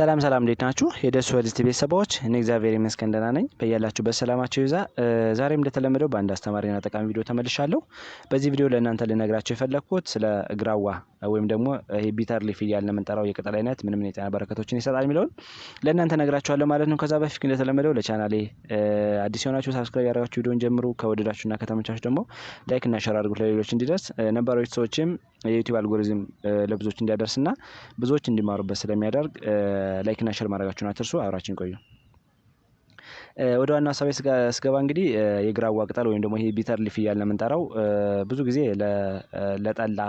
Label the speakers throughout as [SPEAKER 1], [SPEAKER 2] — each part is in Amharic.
[SPEAKER 1] ሰላም ሰላም እንዴት ናችሁ? የደሱ ሄልዝ ቤተሰቦች፣ እኔ እግዚአብሔር ይመስገን ደህና ነኝ። በያላችሁ ሰላማችሁ ይዛ። ዛሬም እንደተለመደው በአንድ አስተማሪና ጠቃሚ ቪዲዮ ተመልሻለሁ። በዚህ ቪዲዮ ለእናንተ ልነግራችሁ የፈለግኩት ስለ እግራዋ ወይም ደግሞ ቢተር ሊፍ እያልን የምንጠራው የቅጠል አይነት ምን ምን የጤና በረከቶችን ይሰጣል የሚለውን ለእናንተ ነግራችኋለሁ ማለት ነው። ከዛ በፊት እንደተለመደው ለቻናሌ አዲስ የሆናችሁ ሳብስክራይብ ያደረጋችሁ ቪዲዮን ጀምሩ። ከወደዳችሁና ከተመቻችሁ ደግሞ ላይክ እና ሸር አድርጉት ለሌሎች እንዲደርስ ነባሮች ሰዎችም የዩቲዩብ አልጎሪዝም ለብዙዎች እንዲያደርስና ብዙዎች እንዲማሩበት ስለሚያደርግ ላይክ እና ሸር ማድረጋችሁን አትርሱ። አብራችን ቆዩ። ወደ ዋና ሀሳቤ ስገባ እንግዲህ የግራዋ ቅጠል ወይም ደግሞ ይሄ ቢተር ሊፍ እያልን የምንጠራው ብዙ ጊዜ ለጠላ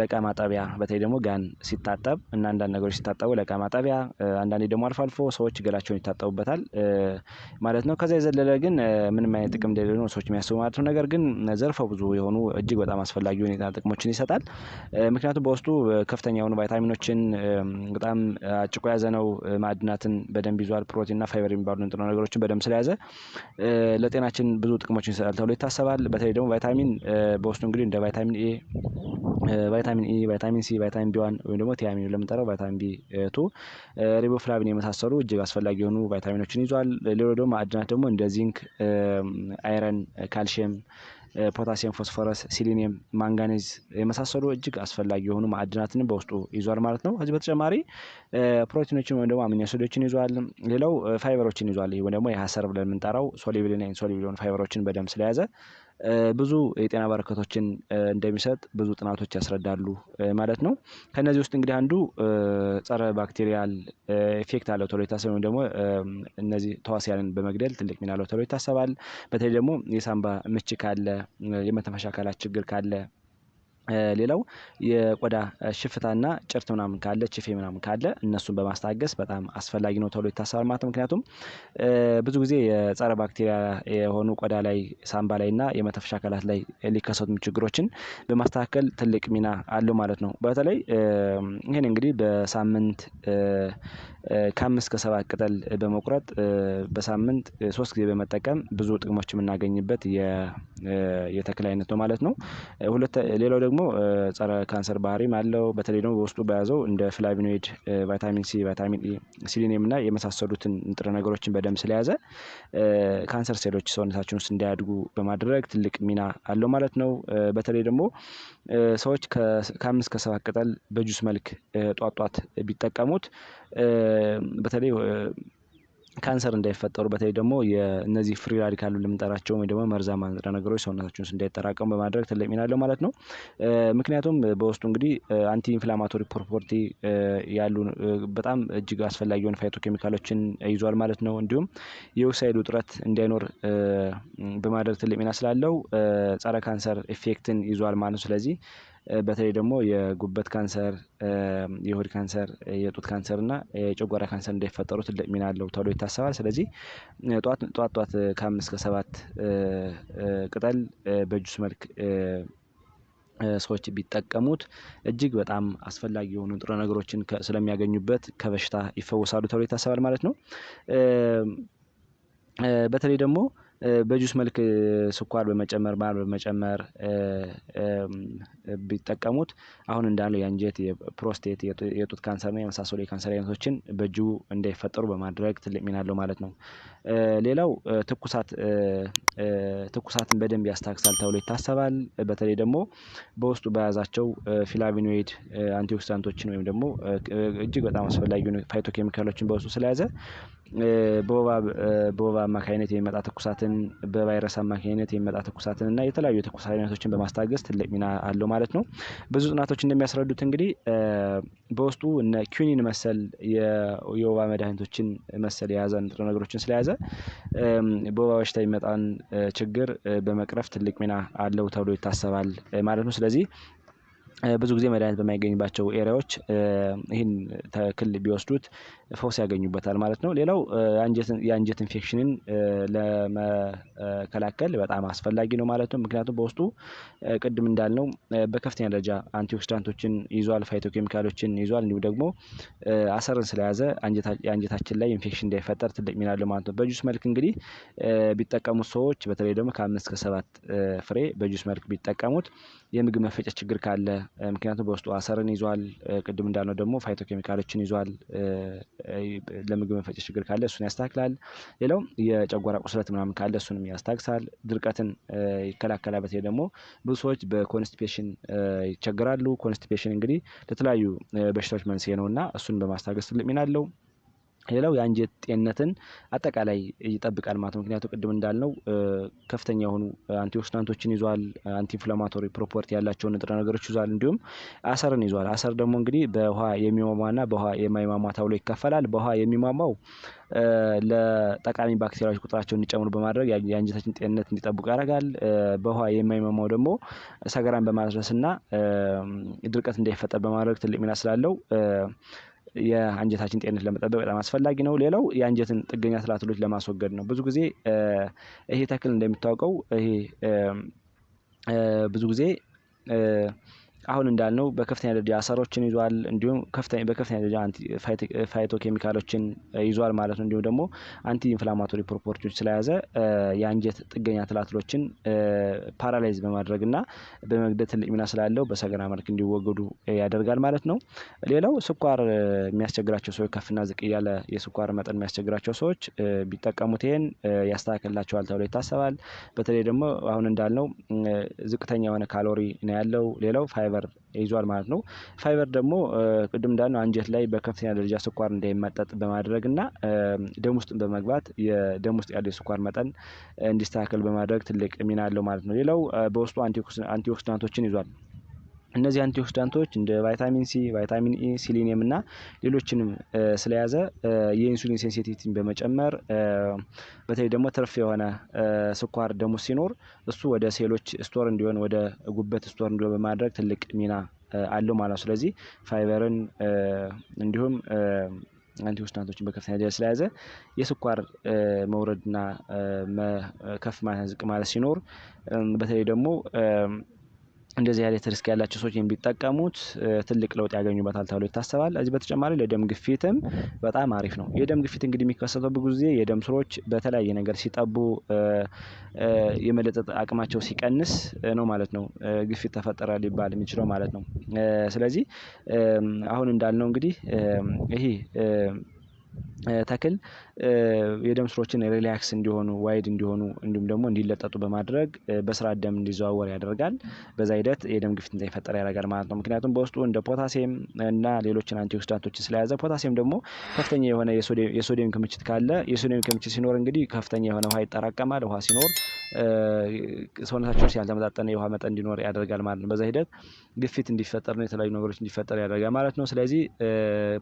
[SPEAKER 1] ለቃ ማጠቢያ በተለይ ደግሞ ጋን ሲታጠብ እና አንዳንድ ነገሮች ሲታጠቡ ለቃ ማጠቢያ አንዳንዴ ደግሞ አልፎ አልፎ ሰዎች ገላቸውን ይታጠቡበታል ማለት ነው። ከዛ የዘለለ ግን ምንም አይነት ጥቅም እንደሌለ ነው ሰዎች የሚያስቡ ማለት ነው። ነገር ግን ዘርፈ ብዙ የሆኑ እጅግ በጣም አስፈላጊ ሁኔታ ጥቅሞችን ይሰጣል። ምክንያቱም በውስጡ ከፍተኛ የሆኑ ቫይታሚኖችን በጣም አጭቆ የያዘ ነው። ማዕድናትን በደንብ ይዟል። ፕሮቲን እና ፋይበር የሚባሉ ንጥረ ነገሮችን በደንብ ስለያዘ ለጤናችን ብዙ ጥቅሞችን ይሰጣል ተብሎ ይታሰባል። በተለይ ደግሞ ቫይታሚን በውስጡ እንግዲህ እንደ ቫይታሚን ኤ ቫይታሚን ኢ፣ ቫይታሚን ሲ፣ ቫይታሚን ቢ ዋን ወይም ደግሞ ቲያሚን ለምንጠራው ቫይታሚን ቢ ቱ፣ ሪቦፍላቪን የመሳሰሉ እጅግ አስፈላጊ የሆኑ ቫይታሚኖችን ይዟል። ሌሎ ደግሞ ማዕድናት ደግሞ እንደ ዚንክ፣ አይረን፣ ካልሽየም ፖታሲየም፣ ፎስፎረስ፣ ሲሊኒየም፣ ማንጋኔዝ የመሳሰሉ እጅግ አስፈላጊ የሆኑ ማዕድናትን በውስጡ ይዟል ማለት ነው። ከዚህ በተጨማሪ ፕሮቲኖችን ወይም ደግሞ አሚኖ አሲዶችን ይዟል። ሌላው ፋይበሮችን ይዟል። ይህ ደግሞ የሀሰር ብለን የምንጠራው ሶሊብልና ኢንሶሊብል የሆኑ ፋይበሮችን በደንብ ስለያዘ ብዙ የጤና በረከቶችን እንደሚሰጥ ብዙ ጥናቶች ያስረዳሉ ማለት ነው። ከእነዚህ ውስጥ እንግዲህ አንዱ ጸረ ባክቴሪያል ኤፌክት አለው ተብሎ ይታሰባል። ወይም ደግሞ እነዚህ ተዋሲያንን በመግደል ትልቅ ሚና አለው ተብሎ ይታሰባል። በተለይ ደግሞ የሳምባ ምች ካለ፣ የመተንፈሻ አካላት ችግር ካለ ሌላው የቆዳ ሽፍታና ጭርት ምናምን ካለ ችፌ ምናምን ካለ እነሱን በማስታገስ በጣም አስፈላጊ ነው ተብሎ ይታሰባል ማለት ነው። ምክንያቱም ብዙ ጊዜ የጸረ ባክቴሪያ የሆኑ ቆዳ ላይ ሳምባ ላይ እና የመተፈሻ አካላት ላይ ሊከሰቱ ችግሮችን በማስተካከል ትልቅ ሚና አለው ማለት ነው። በተለይ ይህን እንግዲህ በሳምንት ከአምስት እስከ ሰባት ቅጠል በመቁረጥ በሳምንት ሶስት ጊዜ በመጠቀም ብዙ ጥቅሞች የምናገኝበት የተክል አይነት ነው ማለት ነው። ሌላው ደግሞ ደግሞ ጸረ ካንሰር ባህሪም አለው። በተለይ ደግሞ በውስጡ በያዘው እንደ ፍላቪኖይድ፣ ቫይታሚን ሲ፣ ቫይታሚን ኢ፣ ሲሊኒየም እና የመሳሰሉትን ንጥረ ነገሮችን በደንብ ስለያዘ ካንሰር ሴሎች ሰውነታችን ውስጥ እንዳያድጉ በማድረግ ትልቅ ሚና አለው ማለት ነው። በተለይ ደግሞ ሰዎች ከአምስት ከሰባት ቅጠል በጁስ መልክ ጧጧት ቢጠቀሙት በተለይ ካንሰር እንዳይፈጠሩ በተለይ ደግሞ እነዚህ ፍሪ ራዲካል ልምንጠራቸው ወይ ደግሞ መርዛማ ንጥረ ነገሮች ሰውነታችን ውስጥ እንዳይጠራቀሙ በማድረግ ትልቅ ሚና አለው ማለት ነው። ምክንያቱም በውስጡ እንግዲህ አንቲ ኢንፍላማቶሪ ፕሮፖርቲ ያሉ በጣም እጅግ አስፈላጊ የሆኑ ፋይቶ ኬሚካሎችን ይዟል ማለት ነው። እንዲሁም የኦክሳይድ ውጥረት እንዳይኖር በማድረግ ትልቅ ሚና ስላለው ጸረ ካንሰር ኢፌክትን ይዟል ማለት ነው። ስለዚህ በተለይ ደግሞ የጉበት ካንሰር፣ የሆድ ካንሰር፣ የጡት ካንሰር እና የጨጓራ ካንሰር እንዳይፈጠሩ ትልቅ ሚና አለው ተብሎ ይታሰባል። ስለዚህ ጠዋት ጠዋት ከአምስት ሰባት ቅጠል በጁስ መልክ ሰዎች ቢጠቀሙት እጅግ በጣም አስፈላጊ የሆኑ ንጥረ ነገሮችን ስለሚያገኙበት ከበሽታ ይፈወሳሉ ተብሎ ይታሰባል ማለት ነው። በተለይ ደግሞ በጁስ መልክ ስኳር በመጨመር ማር በመጨመር ቢጠቀሙት አሁን እንዳለው የአንጀት የፕሮስቴት የጡት ካንሰርና የመሳሰሉ የካንሰር አይነቶችን በእጅጉ እንዳይፈጠሩ በማድረግ ትልቅ ሚና አለው ማለት ነው። ሌላው ትኩሳት ትኩሳትን በደንብ ያስታክሳል ተብሎ ይታሰባል። በተለይ ደግሞ በውስጡ በያዛቸው ፊላቪኖይድ አንቲኦክሲዳንቶችን ወይም ደግሞ እጅግ በጣም አስፈላጊ ፋይቶ ኬሚካሎችን በውስጡ ስለያዘ በወባ አማካኝነት የሚመጣ ትኩሳትን በቫይረስ አማካኝነት የሚመጣ ትኩሳትን እና የተለያዩ የትኩሳት አይነቶችን በማስታገስ ትልቅ ሚና አለው ማለት ነው። ብዙ ጥናቶች እንደሚያስረዱት እንግዲህ በውስጡ እነ ኪኒን መሰል የወባ መድኃኒቶችን መሰል የያዘ ንጥረ ነገሮችን ስለያዘ በወባ በሽታ የሚመጣን ችግር በመቅረፍ ትልቅ ሚና አለው ተብሎ ይታሰባል ማለት ነው። ስለዚህ ብዙ ጊዜ መድኃኒት በማይገኝባቸው ኤሪያዎች ይህን ተክል ቢወስዱት ፈውስ ያገኙበታል ማለት ነው። ሌላው የአንጀት ኢንፌክሽንን ለመከላከል በጣም አስፈላጊ ነው ማለት ነው። ምክንያቱም በውስጡ ቅድም እንዳልነው በከፍተኛ ደረጃ አንቲኦክሲዳንቶችን ይዟል፣ ፋይቶ ኬሚካሎችን ይዟል። እንዲሁም ደግሞ አሰርን ስለያዘ የአንጀታችን ላይ ኢንፌክሽን እንዳይፈጠር ትልቅ ሚና አለው ማለት ነው። በጁስ መልክ እንግዲህ ቢጠቀሙት ሰዎች በተለይ ደግሞ ከአምስት ከሰባት ፍሬ በጁስ መልክ ቢጠቀሙት የምግብ መፈጨት ችግር ካለ ምክንያቱም በውስጡ አሰርን ይዟል። ቅድም እንዳልነው ደግሞ ፋይቶ ኬሚካሎችን ይዟል። ለምግብ መፈጨት ችግር ካለ እሱን ያስታክላል። ሌላው የጨጓራ ቁስለት ምናምን ካለ እሱንም ያስታግሳል። ድርቀትን ይከላከላል። በተለይ ደግሞ ብዙ ሰዎች በኮንስቲፔሽን ይቸገራሉ። ኮንስቲፔሽን እንግዲህ ለተለያዩ በሽታዎች መንስኤ ነው እና እሱን በማስታገስ ትልቅ ሚና አለው። ሌላው የአንጀት ጤንነትን አጠቃላይ ይጠብቃል ማለት ነው። ምክንያቱም ቅድም እንዳልነው ከፍተኛ የሆኑ አንቲኦክሲዳንቶችን ይዟል፣ አንቲኢንፍላማቶሪ ፕሮፐርቲ ያላቸውን ንጥረ ነገሮች ይዟል፣ እንዲሁም አሰርን ይዟል። አሰር ደግሞ እንግዲህ በውሃ የሚሟሟና በውሃ የማይሟሟ ተብሎ ይከፈላል። በውሃ የሚሟሟው ለጠቃሚ ባክቴሪያዎች ቁጥራቸው እንዲጨምሩ በማድረግ የአንጀታችን ጤንነት እንዲጠብቁ ያደርጋል። በውሃ የማይመማው ደግሞ ሰገራን በማድረስ እና ድርቀት እንዳይፈጠር በማድረግ ትልቅ ሚና ስላለው የአንጀታችን ጤንነት ለመጠበቅ በጣም አስፈላጊ ነው። ሌላው የአንጀትን ጥገኛ ትላትሎች ለማስወገድ ነው። ብዙ ጊዜ ይሄ ተክል እንደሚታወቀው ይሄ ብዙ ጊዜ አሁን እንዳልነው በከፍተኛ ደረጃ አሰሮችን ይዟል፣ እንዲሁም በከፍተኛ ደረጃ ፋይቶ ኬሚካሎችን ይዟል ማለት ነው። እንዲሁም ደግሞ አንቲ ኢንፍላማቶሪ ፕሮፖርቲዎች ስለያዘ የአንጀት ጥገኛ ትላትሎችን ፓራላይዝ በማድረግ እና በመግደል ትልቅ ሚና ስላለው በሰገራ መልክ እንዲወገዱ ያደርጋል ማለት ነው። ሌላው ስኳር የሚያስቸግራቸው ሰዎች ከፍና ዝቅ እያለ የስኳር መጠን የሚያስቸግራቸው ሰዎች ቢጠቀሙት ይሄን ያስተካክልላቸዋል ተብሎ ይታሰባል። በተለይ ደግሞ አሁን እንዳልነው ዝቅተኛ የሆነ ካሎሪ ነው ያለው። ሌላው ፋይበር ፋይበር ይዟል ማለት ነው። ፋይበር ደግሞ ቅድም እንዳልነው አንጀት ላይ በከፍተኛ ደረጃ ስኳር እንዳይመጠጥ በማድረግ እና ደም ውስጥን በመግባት የደም ውስጥ ያለው የስኳር መጠን እንዲስተካከል በማድረግ ትልቅ ሚና አለው ማለት ነው። ሌላው በውስጡ አንቲኦክሲዳንቶችን ይዟል። እነዚህ አንቲኦክሲዳንቶች እንደ ቫይታሚን ሲ፣ ቫይታሚን ኢ፣ ሲሊኒየም እና ሌሎችንም ስለያዘ የኢንሱሊን ሴንሲቲቪቲን በመጨመር በተለይ ደግሞ ትርፍ የሆነ ስኳር ደሞ ሲኖር እሱ ወደ ሴሎች ስቶር እንዲሆን ወደ ጉበት ስቶር እንዲሆን በማድረግ ትልቅ ሚና አለው ማለት ነው። ስለዚህ ፋይበርን እንዲሁም አንቲኦክሲዳንቶችን በከፍተኛ ደረጃ ስለያዘ የስኳር መውረድና ከፍ ማለት ዝቅ ማለት ሲኖር በተለይ ደግሞ እንደዚህ አይነት ሪስክ ያላቸው ሰዎች የሚጠቀሙት ትልቅ ለውጥ ያገኙበታል ተብሎ ይታሰባል። እዚህ በተጨማሪ ለደም ግፊትም በጣም አሪፍ ነው። የደም ግፊት እንግዲህ የሚከሰተው ብዙ ጊዜ የደም ስሮች በተለያየ ነገር ሲጠቡ፣ የመለጠጥ አቅማቸው ሲቀንስ ነው ማለት ነው ግፊት ተፈጠረ ሊባል የሚችለው ማለት ነው። ስለዚህ አሁን እንዳልነው እንግዲህ ይሄ ተክል የደም ስሮችን ሪላክስ እንዲሆኑ ዋይድ እንዲሆኑ እንዲሁም ደግሞ እንዲለጠጡ በማድረግ በስራ ደም እንዲዘዋወር ያደርጋል። በዛ ሂደት የደም ግፊት እንዳይፈጠር ያደርጋል ማለት ነው። ምክንያቱም በውስጡ እንደ ፖታሲየም እና ሌሎችን አንቲኦክሲዳንቶችን ስለያዘ ፖታሴም ደግሞ ከፍተኛ የሆነ የሶዲየም ክምችት ካለ የሶዲየም ክምችት ሲኖር እንግዲህ ከፍተኛ የሆነ ውሃ ይጠራቀማል። ውሃ ሲኖር ሰውነታችን ያልተመጣጠነ የውሃ መጠን እንዲኖር ያደርጋል ማለት ነው። በዛ ሂደት ግፊት ነው የተለያዩ ነገሮች እንዲፈጠር ያደርጋል ማለት ነው። ስለዚህ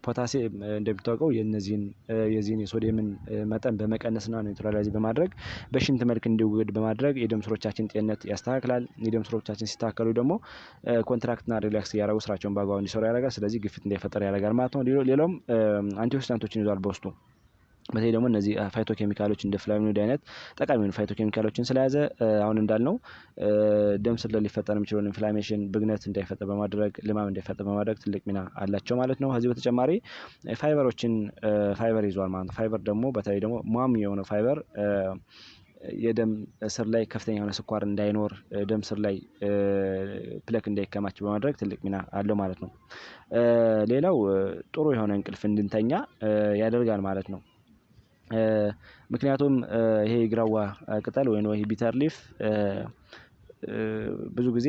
[SPEAKER 1] ፖታሲየም እንደሚታወቀው የነዚህን የዚህን የሶዲየምን መጠን በመቀነስና ኒውትራላይዝ በማድረግ በሽንት መልክ እንዲወገድ በማድረግ የደም ስሮቻችን ጤንነት ያስተካክላል። የደም ስሮቻችን ሲታከሉ ደግሞ ኮንትራክትና ሪላክስ እያደረጉ ስራቸውን በአግባቡ እንዲሰሩ ያደርጋል። ስለዚህ ግፊት እንዳይፈጠር ያደርጋል ማለት ነው። ሌላውም አንቲኦክሲዳንቶችን ይዟል በውስጡ በተለይ ደግሞ እነዚህ ፋይቶ ኬሚካሎች እንደ ፍላሚኖድ አይነት ጠቃሚ ሆኑ ፋይቶ ኬሚካሎችን ስለያዘ አሁን እንዳልነው ደም ስር ሊፈጠር የሚችለውን ኢንፍላሜሽን ብግነት እንዳይፈጠር በማድረግ ልማም እንዳይፈጠር በማድረግ ትልቅ ሚና አላቸው ማለት ነው። ከዚህ በተጨማሪ ፋይበሮችን ፋይበር ይዟል ማለት ነው። ፋይበር ደግሞ በተለይ ደግሞ ሟም የሆነ ፋይበር የደም ስር ላይ ከፍተኛ የሆነ ስኳር እንዳይኖር ደም ስር ላይ ፕለክ እንዳይከማች በማድረግ ትልቅ ሚና አለው ማለት ነው። ሌላው ጥሩ የሆነ እንቅልፍ እንድንተኛ ያደርጋል ማለት ነው። ምክንያቱም ይሄ የግራዋ ቅጠል ወይ ወይ ቢተር ሊፍ ብዙ ጊዜ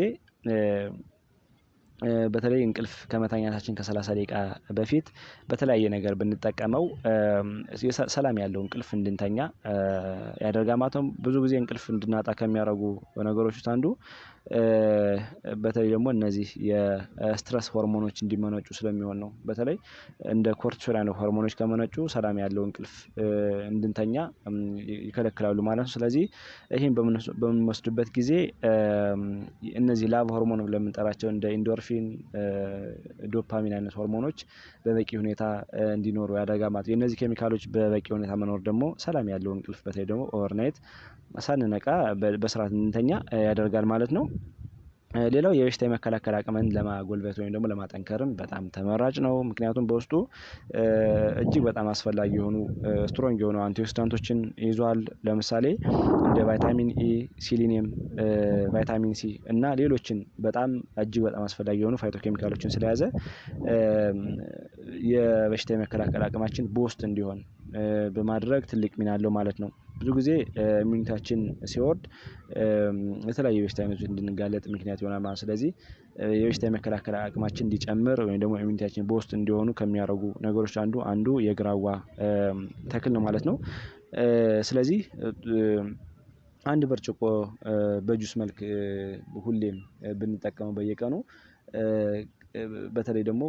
[SPEAKER 1] በተለይ እንቅልፍ ከመተኛታችን ከሰላሳ ደቂቃ በፊት በተለያየ ነገር ብንጠቀመው ሰላም ያለው እንቅልፍ እንድንተኛ ያደርጋል ማለት ነው። ብዙ ጊዜ እንቅልፍ እንድናጣ ከሚያደርጉ ነገሮች ውስጥ አንዱ በተለይ ደግሞ እነዚህ የስትረስ ሆርሞኖች እንዲመነጩ ስለሚሆን ነው። በተለይ እንደ ኮርቲሶል አይነት ሆርሞኖች ከመነጩ ሰላም ያለው እንቅልፍ እንድንተኛ ይከለክላሉ ማለት ነው። ስለዚህ ይህን በምንወስድበት ጊዜ እነዚህ ላቭ ሆርሞን ለምንጠራቸው እንደ ኢንዶርፊን ዶፓሚን አይነት ሆርሞኖች በበቂ ሁኔታ እንዲኖሩ ያደርጋል። የእነዚህ ኬሚካሎች በበቂ ሁኔታ መኖር ደግሞ ሰላም ያለው እንቅልፍ በተለይ ደግሞ ኦቨርናይት ሳንነቃ በስርዓት እንድንተኛ ያደርጋል ማለት ነው ሌላው የበሽታ የመከላከል አቅምን ለማጎልበት ወይም ደግሞ ለማጠንከርም በጣም ተመራጭ ነው። ምክንያቱም በውስጡ እጅግ በጣም አስፈላጊ የሆኑ ስትሮንግ የሆኑ አንቲኦክሲዳንቶችን ይዟል። ለምሳሌ እንደ ቫይታሚን ኢ፣ ሲሊኒየም፣ ቫይታሚን ሲ እና ሌሎችን በጣም እጅግ በጣም አስፈላጊ የሆኑ ፋይቶ ኬሚካሎችን ስለያዘ የበሽታ የመከላከል አቅማችን ቦስት እንዲሆን በማድረግ ትልቅ ሚና አለው ማለት ነው። ብዙ ጊዜ ኢሚኒታችን ሲወርድ የተለያዩ የበሽታ አይነቶች እንድንጋለጥ ምክንያት ይሆናል ማለት ስለዚህ የበሽታ የመከላከል አቅማችን እንዲጨምር ወይም ደግሞ ኢሚኒቲያችን በውስጥ እንዲሆኑ ከሚያደርጉ ነገሮች አንዱ አንዱ የግራዋ ተክል ነው ማለት ነው። ስለዚህ አንድ ብርጭቆ በጁስ መልክ ሁሌም ብንጠቀመው በየቀኑ በተለይ ደግሞ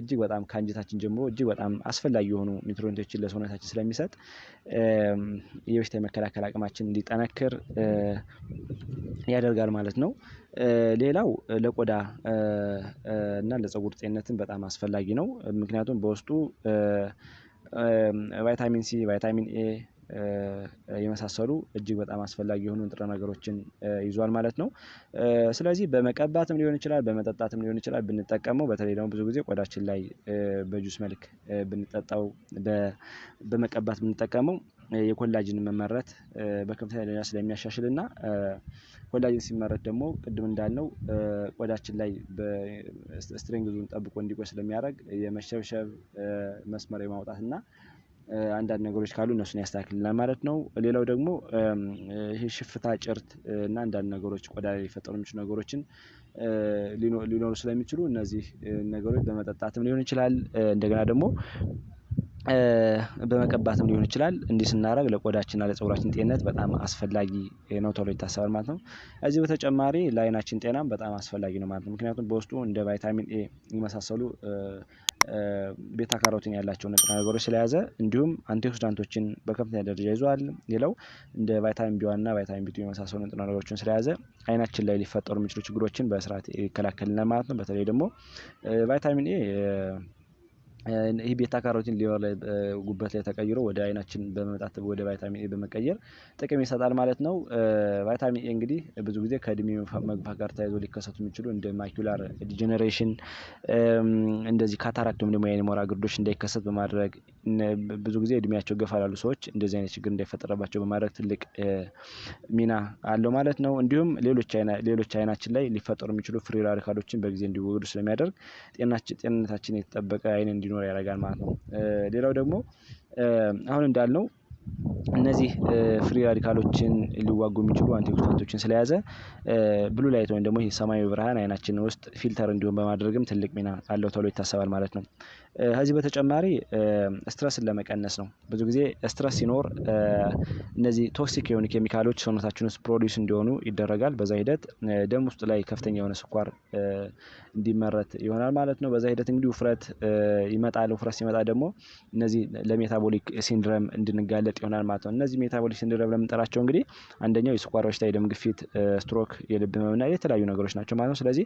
[SPEAKER 1] እጅግ በጣም ከአንጀታችን ጀምሮ እጅግ በጣም አስፈላጊ የሆኑ ኒውትሮንቶችን ለሰውነታችን ስለሚሰጥ የበሽታ የመከላከል አቅማችን እንዲጠነክር ያደርጋል ማለት ነው። ሌላው ለቆዳ እና ለፀጉር ጤንነትን በጣም አስፈላጊ ነው። ምክንያቱም በውስጡ ቫይታሚን ሲ፣ ቫይታሚን ኤ የመሳሰሉ እጅግ በጣም አስፈላጊ የሆኑ ንጥረ ነገሮችን ይዟል ማለት ነው። ስለዚህ በመቀባትም ሊሆን ይችላል በመጠጣትም ሊሆን ይችላል ብንጠቀመው በተለይ ደግሞ ብዙ ጊዜ ቆዳችን ላይ በጁስ መልክ ብንጠጣው በመቀባት ብንጠቀመው የኮላጅን መመረት በከፍተኛ ደረጃ ስለሚያሻሽል እና ኮላጅን ሲመረት ደግሞ ቅድም እንዳልነው ቆዳችን ላይ ስትሪንግዙን ጠብቆ እንዲቆይ ስለሚያደርግ የመሸብሸብ መስመር የማውጣት እና አንዳንድ ነገሮች ካሉ እነሱን ያስተካክልናል ማለት ነው። ሌላው ደግሞ ሽፍታ፣ ጭርት እና አንዳንድ ነገሮች ቆዳ ሊፈጠሩ የሚችሉ ነገሮችን ሊኖሩ ስለሚችሉ እነዚህ ነገሮች በመጠጣትም ሊሆን ይችላል። እንደገና ደግሞ በመቀባትም ሊሆን ይችላል። እንዲህ ስናደርግ ለቆዳችንና ለፀጉራችን ጤንነት በጣም አስፈላጊ ነው ተብሎ ይታሰባል ማለት ነው። ከዚህ በተጨማሪ ለአይናችን ጤናም በጣም አስፈላጊ ነው ማለት ነው። ምክንያቱም በውስጡ እንደ ቫይታሚን ኤ የመሳሰሉ ቤታ ካሮቲን ያላቸው ንጥረ ነገሮች ስለያዘ እንዲሁም አንቲኦክሲዳንቶችን በከፍተኛ ደረጃ ይዟል። ሌላው እንደ ቫይታሚን ቢ ቫይታሚን ቢቱ የመሳሰሉ ንጥረ ነገሮችን ስለያዘ አይናችን ላይ ሊፈጠሩ የሚችሉ ችግሮችን በስርዓት ይከላከልናል ማለት ነው። በተለይ ደግሞ ቫይታሚን ኤ ይህ ቤታ ካሮቲን ሊቨር ላይ ጉበት ላይ ተቀይሮ ወደ አይናችን በመምጣት ወደ ቫይታሚን ኤ በመቀየር ጥቅም ይሰጣል ማለት ነው። ቫይታሚን ኤ እንግዲህ ብዙ ጊዜ ከእድሜ መግፋት ጋር ተያይዞ ሊከሰቱ የሚችሉ እንደ ማኪላር ዲጀነሬሽን እንደዚህ ካታራክት ወይም ደግሞ የአይን ሞራ ግርዶች እንዳይከሰት በማድረግ ብዙ ጊዜ እድሜያቸው ገፋ ላሉ ሰዎች እንደዚህ አይነት ችግር እንዳይፈጠረባቸው በማድረግ ትልቅ ሚና አለው ማለት ነው። እንዲሁም ሌሎች አይናችን ላይ ሊፈጠሩ የሚችሉ ፍሪ ራዲካሎችን በጊዜ እንዲወገዱ ስለሚያደርግ ጤንነታችን የተጠበቀ አይን እንዲ እንዲኖር ያደርጋል ማለት ነው። ሌላው ደግሞ አሁን እንዳልነው እነዚህ ፍሪ ራዲካሎችን ሊዋጉ የሚችሉ አንቲኦክሲዳንቶችን ስለያዘ ብሉ ላይት ወይም ደግሞ ሰማያዊ ብርሃን አይናችን ውስጥ ፊልተር እንዲሆን በማድረግም ትልቅ ሚና አለው ተብሎ ይታሰባል ማለት ነው። ከዚህ በተጨማሪ ስትረስን ለመቀነስ ነው። ብዙ ጊዜ ስትረስ ሲኖር እነዚህ ቶክሲክ የሆኑ ኬሚካሎች ሰውነታችን ውስጥ ፕሮዲውስ እንዲሆኑ ይደረጋል። በዛ ሂደት ደም ውስጥ ላይ ከፍተኛ የሆነ ስኳር እንዲመረት ይሆናል ማለት ነው። በዛ ሂደት እንግዲህ ውፍረት ይመጣል። ውፍረት ሲመጣ ደግሞ እነዚህ ለሜታቦሊክ ሲንድረም እንድንጋለጥ ይሆናል ማለት ነው። እነዚህ ሜታቦሊክ ሲንድረም ለምንጠራቸው እንግዲህ አንደኛው የስኳር በሽታ፣ የደም ግፊት፣ ስትሮክ፣ የልብ ህመምና የተለያዩ ነገሮች ናቸው ማለት ነው። ስለዚህ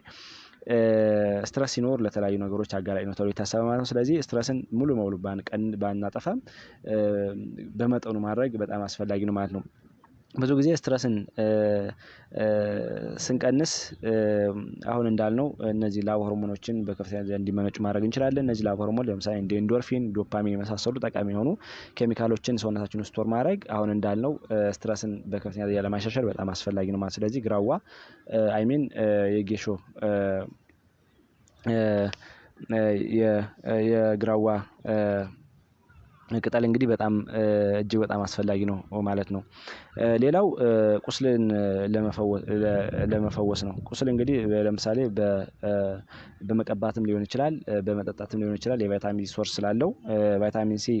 [SPEAKER 1] ስትረስ ሲኖር ለተለያዩ ነገሮች አጋላጭ ነው ተብሎ የታሰበ ማለት ነው። ስለዚህ ስትረስን ሙሉ በሙሉ ባናጠፋም በመጠኑ ማድረግ በጣም አስፈላጊ ነው ማለት ነው። ብዙ ጊዜ ስትረስን ስንቀንስ አሁን እንዳልነው እነዚህ ላብ ሆርሞኖችን በከፍተኛ ደረጃ እንዲመነጩ ማድረግ እንችላለን። እነዚህ ላብ ሆርሞን ለምሳሌ እንደ ኢንዶርፊን፣ ዶፓሚን የመሳሰሉ ጠቃሚ የሆኑ ኬሚካሎችን ሰውነታችን ስቶር ማድረግ አሁን እንዳልነው ስትረስን በከፍተኛ ደረጃ ለማሻሻል በጣም አስፈላጊ ነው ማለት ስለዚህ ግራዋ አይሚን የጌሾ የግራዋ ቅጠል እንግዲህ በጣም እጅግ በጣም አስፈላጊ ነው ማለት ነው። ሌላው ቁስልን ለመፈወስ ነው። ቁስል እንግዲህ ለምሳሌ በመቀባትም ሊሆን ይችላል በመጠጣትም ሊሆን ይችላል የቫይታሚን ሶርስ ስላለው ቫይታሚን ሲ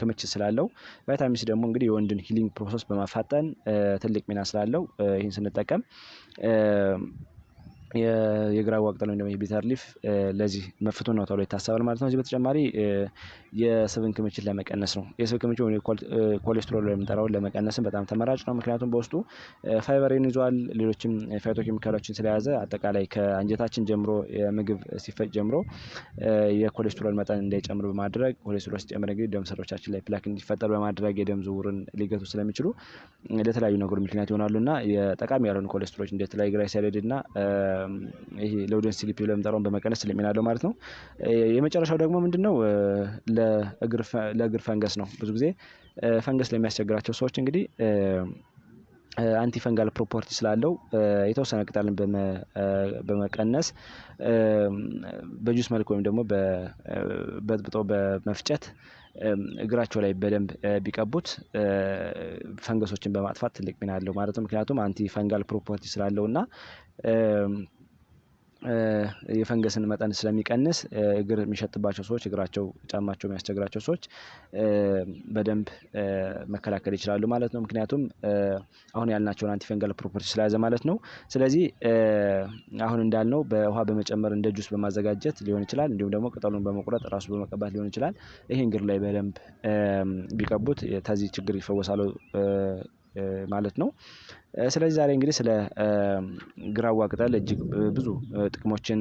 [SPEAKER 1] ክምችት ስላለው ቫይታሚን ሲ ደግሞ እንግዲህ የወንድን ሂሊንግ ፕሮሰስ በማፋጠን ትልቅ ሚና ስላለው ይህን ስንጠቀም የግራ አቅጠል ወይም ደግሞ የቢተር ሊፍ ለዚህ መፍቱን ነው ተብሎ ይታሰባል ማለት ነው። እዚህ በተጨማሪ የስብን ክምችት ለመቀነስ ነው። የስብ ክምችት ወይ ኮሌስትሮል የምንጠራውን ለመቀነስን በጣም ተመራጭ ነው። ምክንያቱም በውስጡ ፋይበርን ይዟል፣ ሌሎችም ፋይቶ ኬሚካሎችን ስለያዘ አጠቃላይ ከአንጀታችን ጀምሮ የምግብ ሲፈጭ ጀምሮ የኮሌስትሮል መጠን እንዳይጨምር በማድረግ ኮሌስትሮል ሲጨምር እንግዲህ ደም ስሮቻችን ላይ ፕላክ እንዲፈጠር በማድረግ የደም ዝውውርን ሊገቱ ስለሚችሉ ለተለያዩ ነገሮች ምክንያት ይሆናሉ እና ጠቃሚ ያልሆኑ ኮሌስትሮች እንደ ተለያዩ ግላይሰሪድ እና ይሄ ለውደን ስሊፕ ብለን በመቀነስ ስለሚና አለው ማለት ነው። የመጨረሻው ደግሞ ምንድን ነው? ለእግር ፈንገስ ነው። ብዙ ጊዜ ፈንገስ ለሚያስቸግራቸው ሰዎች እንግዲህ አንቲ ፈንጋል ፕሮፐርቲ ስላለው የተወሰነ ቅጠልን በመቀነስ በጁስ መልክ ወይም ደግሞ በጥብጦ በመፍጨት እግራቸው ላይ በደንብ ቢቀቡት ፈንገሶችን በማጥፋት ትልቅ ሚና አለው ማለት ነው። ምክንያቱም አንቲ ፈንጋል ፕሮፐርቲ ስላለው እና የፈንገስን መጠን ስለሚቀንስ እግር የሚሸጥባቸው ሰዎች እግራቸው ጫማቸው የሚያስቸግራቸው ሰዎች በደንብ መከላከል ይችላሉ ማለት ነው። ምክንያቱም አሁን ያልናቸውን አንቲፈንገል ፕሮፐርቲ ስለያዘ ማለት ነው። ስለዚህ አሁን እንዳልነው በውሃ በመጨመር እንደ ጁስ በማዘጋጀት ሊሆን ይችላል። እንዲሁም ደግሞ ቅጠሉን በመቁረጥ ራሱ በመቀባት ሊሆን ይችላል። ይሄ እግር ላይ በደንብ ቢቀቡት ከዚህ ችግር ይፈወሳሉ። ማለት ነው። ስለዚህ ዛሬ እንግዲህ ስለ ግራዋ ቅጠል እጅግ ብዙ ጥቅሞችን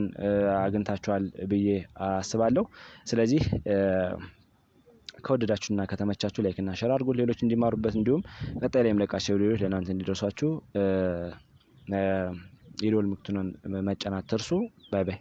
[SPEAKER 1] አግኝታችኋል ብዬ አስባለሁ። ስለዚህ ከወደዳችሁና ከተመቻችሁ ላይክና ሸር አድርጉት፣ ሌሎች እንዲማሩበት እንዲሁም ቀጣይ ላይ የምለቃቸው ሌሎች ለእናንተ እንዲደርሷችሁ የደወል ምልክቱን መጫን አትርሱ። ባይ ባይ።